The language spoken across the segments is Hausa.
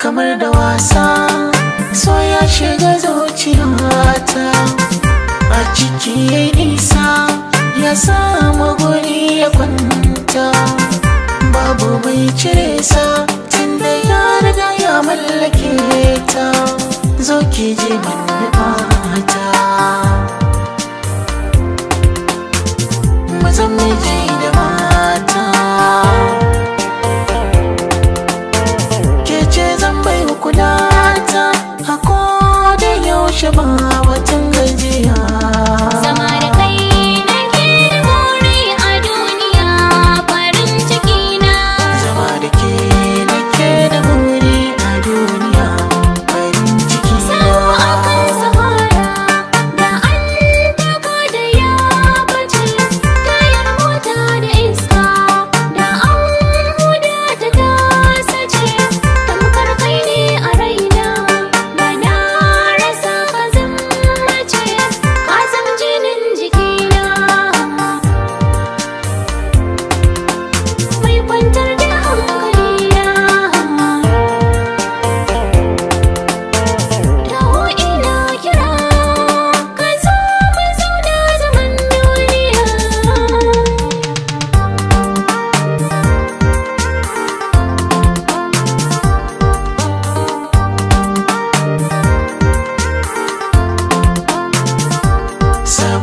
kamar da wasa so ya shiga zuciyar mata a ciki ya nisa ya samu guri ya kwanta babu mai cire sa tunda ya riga ya mallake ta zo ki je mata mazan miji on.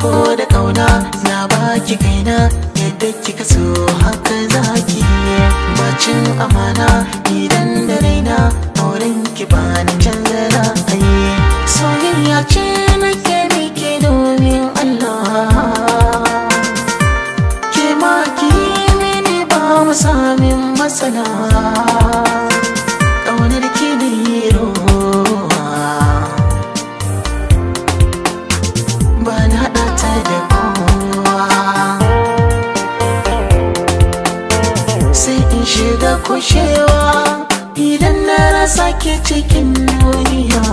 Ko da kauna na baki kaina yadda kika so haka zaki bacin amana idan da raina auren ki ba ni canza ra'ayi soyayya ce nake miki domin Allah ke ma ki ne ba mu samin matsala kushewa idan na rasa ke cikin duniya.